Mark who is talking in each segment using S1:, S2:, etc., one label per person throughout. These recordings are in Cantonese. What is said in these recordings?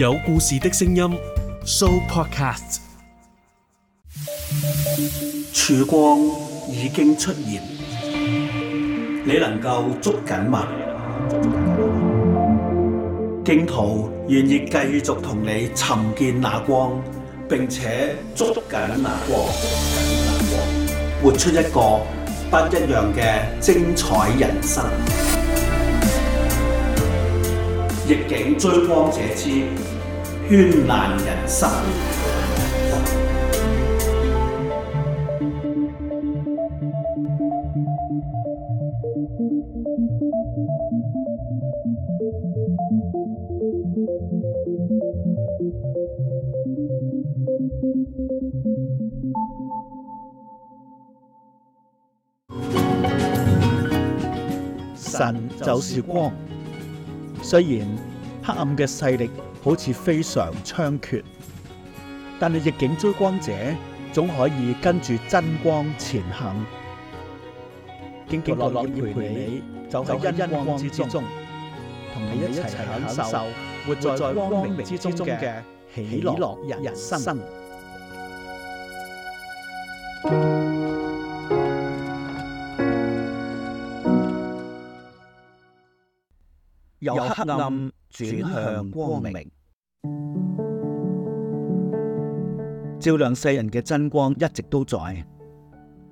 S1: 有故事的聲音，Sooopodcast。曙光已經出現，你能夠捉緊嗎？荊徒願意繼續同你尋見那光，並且捉緊那光，活出一個不一樣嘅精彩人生。逆境追光者之絢爛人生，神就是光，雖然，黑暗嘅勢力好似非常猖獗，但係逆境追光者總可以跟住真光前行。荊徒樂意陪你走，喺恩光之中，同你一齊享受活在光明之中嘅喜樂人生。由黑暗。轉向光明，照亮世人嘅真光一直都在。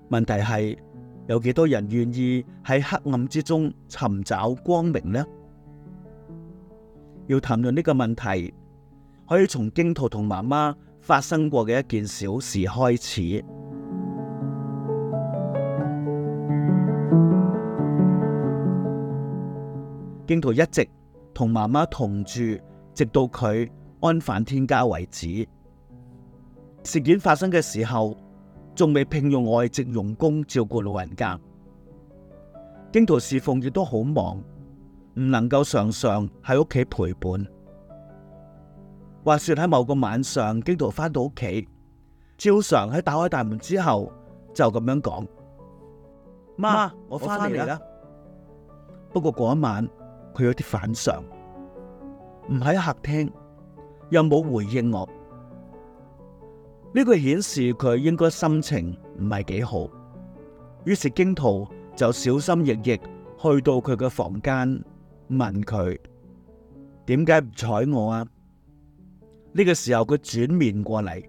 S1: 問題係有幾多人願意喺黑暗之中尋找光明呢？要談論呢個問題，可以從荊徒同媽媽發生過嘅一件小事開始。荊徒一直。同媽媽同住，直到佢安返天家為止。事件發生嘅時候，仲未聘用外籍傭工照顧老人家，荊徒侍奉亦都好忙，唔能夠常常喺屋企陪伴。話說喺某個晚上，荊徒翻到屋企，照常喺打開大門之後就咁樣講：媽，媽，我翻嚟啦。不過嗰一晚，佢有啲反常。唔喺客廳，又冇回應我，呢個顯示佢應該心情唔係幾好。於是荊徒就小心翼翼去到佢嘅房間，問佢點解唔睬我啊？呢個時候佢轉面過嚟，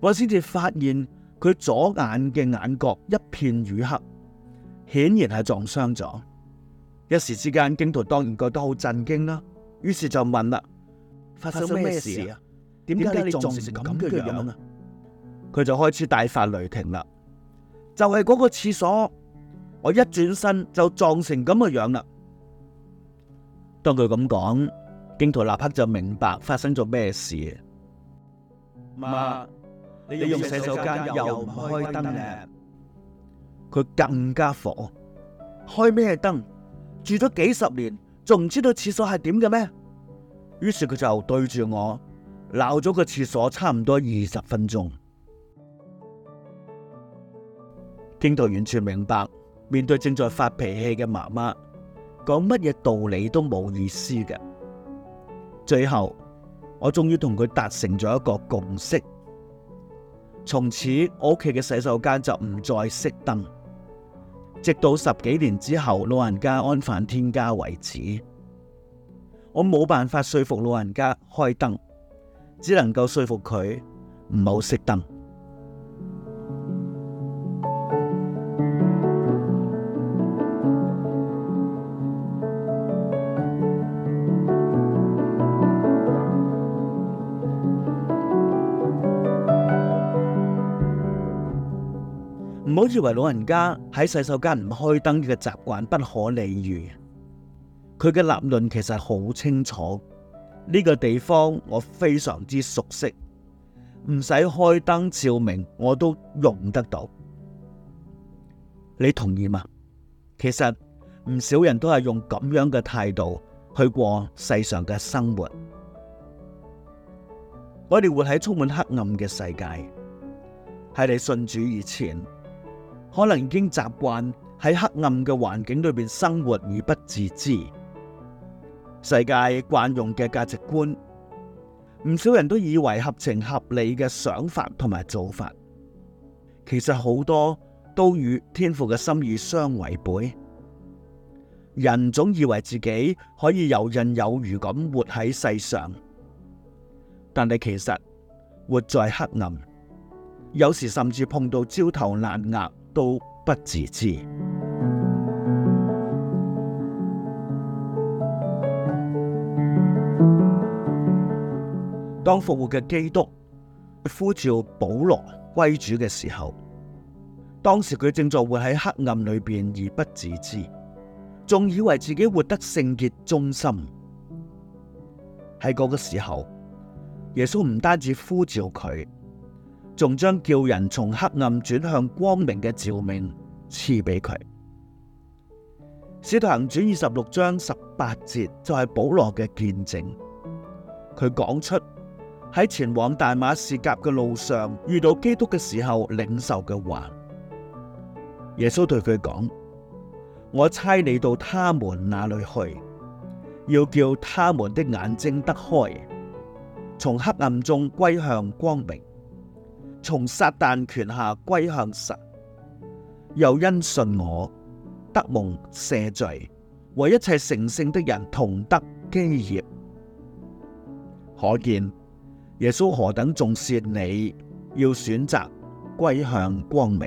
S1: 我先至發現佢左眼嘅眼角一片瘀黑，顯然係撞傷咗。一時之間，荊徒當然覺得好震驚啦。於是就問啦，發生咩事啊？點解你撞成咁嘅樣啊？佢就開始大發雷霆啦！就係嗰個廁所，我一轉身就撞成咁嘅樣啦！當佢咁講，荊徒立刻就明白發生咗咩事。媽，你用洗手間又唔開燈嘅？佢更加火，開咩燈？住咗幾十年。仲唔知道廁所係點嘅咩？於是佢就對住我鬧咗個廁所差唔多二十分鐘。聽到完全明白。面對正在發脾氣嘅媽媽，講乜嘢道理都冇意思嘅。最後，我終於同佢達成咗一個共識。從此，我屋企嘅洗手間就唔再熄燈。直到十幾年之後，老人家安返天家為止，我冇辦法說服老人家開燈，只能夠說服佢唔好熄燈。我以為老人家喺洗手間唔開燈嘅習慣不可理喻，佢嘅立論其實好清楚。呢個地方我非常之熟悉，唔使開燈照明我都用得到。你同意嗎？其實唔少人都係用咁樣嘅態度去過世上嘅生活。我哋活喺充滿黑暗嘅世界，喺你信主以前。可能已經習慣喺黑暗嘅環境裏邊生活而不自知，世界慣用嘅價值觀，唔少人都以為合情合理嘅想法同埋做法，其實好多都與天父嘅心意相違背。人總以為自己可以游刃有餘咁活喺世上，但係其實活在黑暗，有時甚至碰到焦頭爛額。都不自知。當復活嘅基督呼召保羅歸主嘅時候，當時佢正在活喺黑暗裏邊而不自知，仲以為自己活得聖潔忠心。喺嗰個時候，耶穌唔單止呼召佢。仲將叫人從黑暗轉向光明嘅照明賜俾佢。使徒行傳二十六章十八節就係保羅嘅見證，佢講出喺前往大馬士革嘅路上遇到基督嘅時候，領受嘅話，耶穌對佢講：我差你到他們那裏去，要叫他們的眼睛得開，從黑暗中歸向光明。從撒旦權下歸向神，又因信我得蒙赦罪，為一切成聖的人同得基業。可見耶穌何等重視你要選擇歸向光明。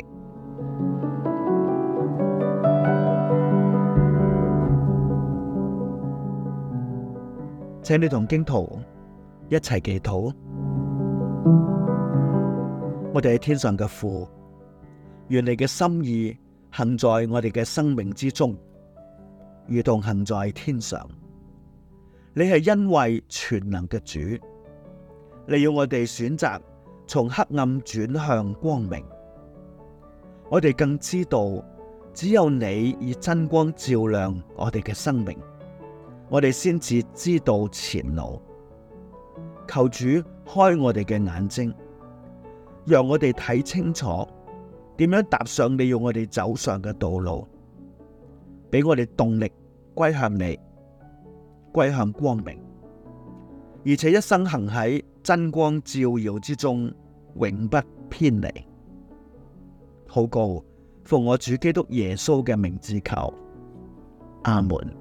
S1: 請你同荊徒一齊祈禱。我哋喺天上嘅父，願你嘅心意行在我哋嘅生命之中，如同行在天上。你係因為全能嘅主，你要我哋選擇從黑暗轉向光明。我哋更知道，只有你以真光照亮我哋嘅生命，我哋先至知道前路。求主開我哋嘅眼睛。讓我哋睇清楚點樣踏上你要我哋走上嘅道路，俾我哋動力歸向你，歸向光明，而且一生行喺真光照耀之中，永不偏離。好高，奉我主基督耶穌嘅名字求，阿門。